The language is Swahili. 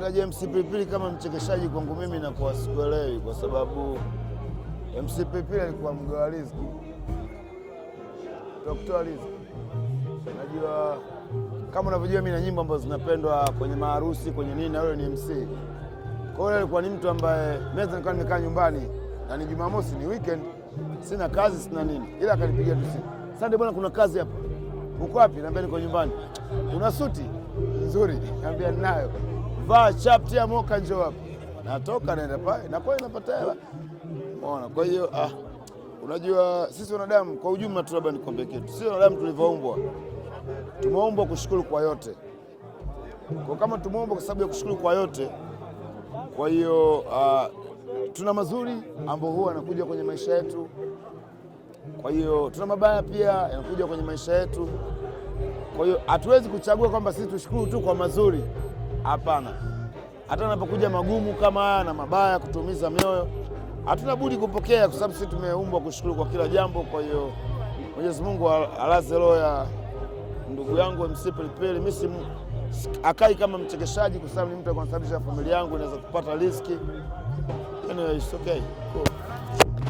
kumtaja James Pilipili kama mchekeshaji kwangu mimi nakuwa sikuelewi, kwa sababu MC Pilipili alikuwa mgawa riziki, kutoa riziki. Najua kama unavyojua mimi na nyimbo ambazo zinapendwa kwenye maharusi kwenye nini, na wewe ni MC. Kwa hiyo alikuwa ni mtu ambaye meza nilikuwa nimekaa nyumbani na ni Jumamosi, ni weekend, sina kazi, sina nini, ila akanipigia tu simu, Sande bwana, kuna kazi hapa. Uko wapi? Naambia niko nyumbani. Una suti nzuri? Naambia ninayo vaa chapti ya moka, njo hapa. Natoka naenda pale na kwa napata hela. Unaona, kwa hiyo ah, unajua sisi wanadamu kwa ujumla tu, labda nikwambie kitu, sisi wanadamu tulivyoumbwa, tumeumbwa kushukuru kwa yote. Kwa kama tumeumbwa kwa sababu ya kushukuru kwa yote, kwa hiyo ah, tuna mazuri ambayo huwa yanakuja kwenye maisha yetu, kwa hiyo tuna mabaya pia yanakuja kwenye maisha yetu. Kwa hiyo hatuwezi kuchagua kwamba sisi tushukuru tu kwa mazuri, hapana. Hata anapokuja magumu kama haya na mabaya kutumiza mioyo, hatuna budi kupokea, kwa sababu sisi tumeumbwa kushukuru kwa kila jambo. Kwa hiyo Mwenyezi Mungu alaze roho ya ndugu yangu MC Pilipili. Mimi akai kama mchekeshaji, kwa sababu ni mtu anasababisha familia yangu inaweza kupata riziki. Anyway, it's okay. Cool.